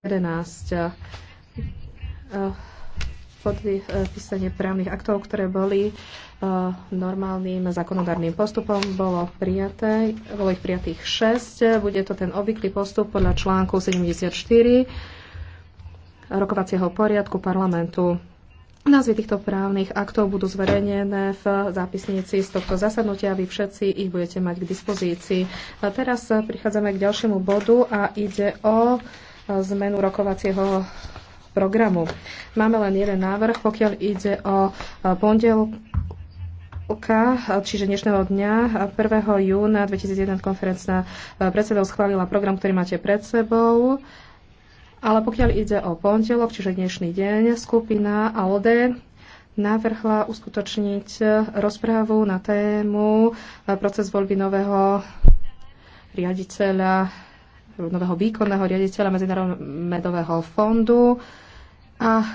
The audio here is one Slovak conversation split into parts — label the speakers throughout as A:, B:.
A: 11 eh, podpísanie eh, právnych aktov, ktoré boli eh, normálnym zákonodárnym postupom, bolo prijaté, bolo ich prijatých 6. Bude to ten obvyklý postup podľa článku 74 rokovacieho poriadku parlamentu. Názvy týchto právnych aktov budú zverejnené v zápisnici z tohto zasadnutia. Vy všetci ich budete mať k dispozícii. A teraz prichádzame k ďalšiemu bodu a ide o zmenu rokovacieho programu. Máme len jeden návrh, pokiaľ ide o pondelka, čiže dnešného dňa 1. júna 2001 konferencia predsedov schválila program, ktorý máte pred sebou. Ale pokiaľ ide o pondelok, čiže dnešný deň, skupina AOD navrhla uskutočniť rozprávu na tému proces voľby nového riaditeľa nového výkonného riaditeľa Medzinárodného medového fondu a e,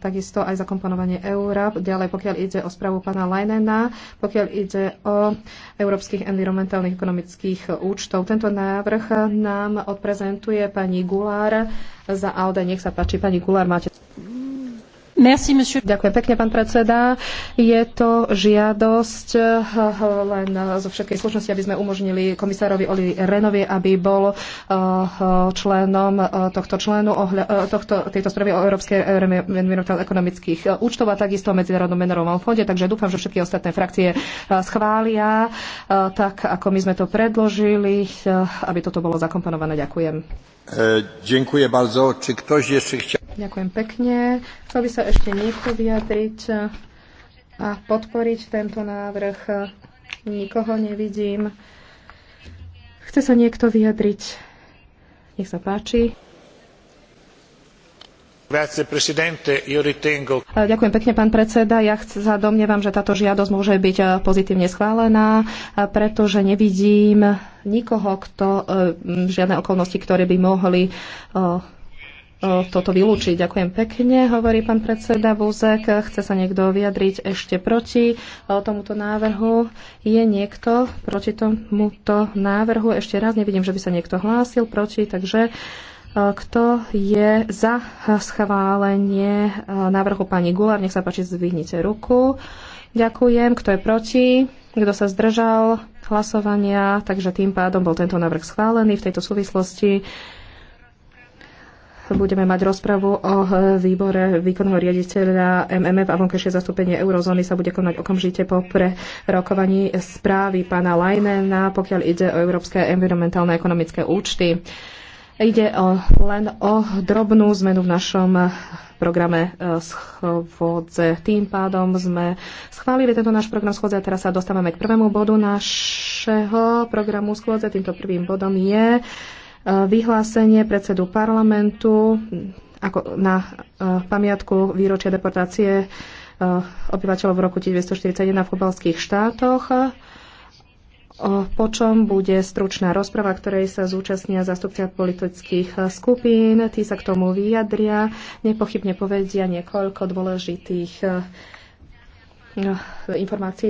A: takisto aj zakomponovanie eura. Ďalej, pokiaľ ide o správu pána Leinena, pokiaľ ide o európskych environmentálnych ekonomických účtov. Tento návrh nám odprezentuje pani Gulár za Alde. Nech sa páči, pani Gulár, máte... Merci, monsieur. Ďakujem pekne, pán predseda. Je to žiadosť eh, len zo všetkej slušnosti, aby sme umožnili komisárovi Oli Renovi, aby bol eh, členom eh, tohto členu tohto, tejto správy o Európskej ekonomických účtov a takisto o Medzinárodnom menovom fonde. Takže dúfam, že všetky ostatné frakcie schvália tak, ako my sme to predložili, aby toto bolo zakomponované. Ďakujem. E, ďakujem bardzo. Či chcia... Ďakujem pekne. Chcel by sa ešte niekto vyjadriť a podporiť tento návrh. Nikoho nevidím. Chce sa niekto vyjadriť? Nech sa páči. E, ďakujem pekne, pán predseda. Ja sa domnievam, že táto žiadosť môže byť e, pozitívne schválená, e, pretože nevidím nikoho, kto, žiadne okolnosti, ktoré by mohli toto vylúčiť. Ďakujem pekne, hovorí pán predseda Vúzek. Chce sa niekto vyjadriť ešte proti tomuto návrhu? Je niekto proti tomuto návrhu? Ešte raz nevidím, že by sa niekto hlásil proti, takže kto je za schválenie návrhu pani Gulár? Nech sa páči, zvyhnite ruku. Ďakujem. Kto je proti? Kto sa zdržal hlasovania? Takže tým pádom bol tento návrh schválený. V tejto súvislosti budeme mať rozpravu o výbore výkonného riaditeľa MMF a vonkajšie zastúpenie eurozóny sa bude konať okamžite po prerokovaní správy pána Lajnena, pokiaľ ide o európske environmentálne ekonomické účty. Ide o, len o drobnú zmenu v našom programe e, schôdze. Tým pádom sme schválili tento náš program schôdze a teraz sa dostávame k prvému bodu našeho programu schôdze. Týmto prvým bodom je vyhlásenie predsedu parlamentu ako na e, pamiatku výročia deportácie e, obyvateľov v roku 1941 v kubalských štátoch, e, po čom bude stručná rozprava, ktorej sa zúčastnia zastupcia politických skupín. Tí sa k tomu vyjadria, nepochybne povedia niekoľko dôležitých informácií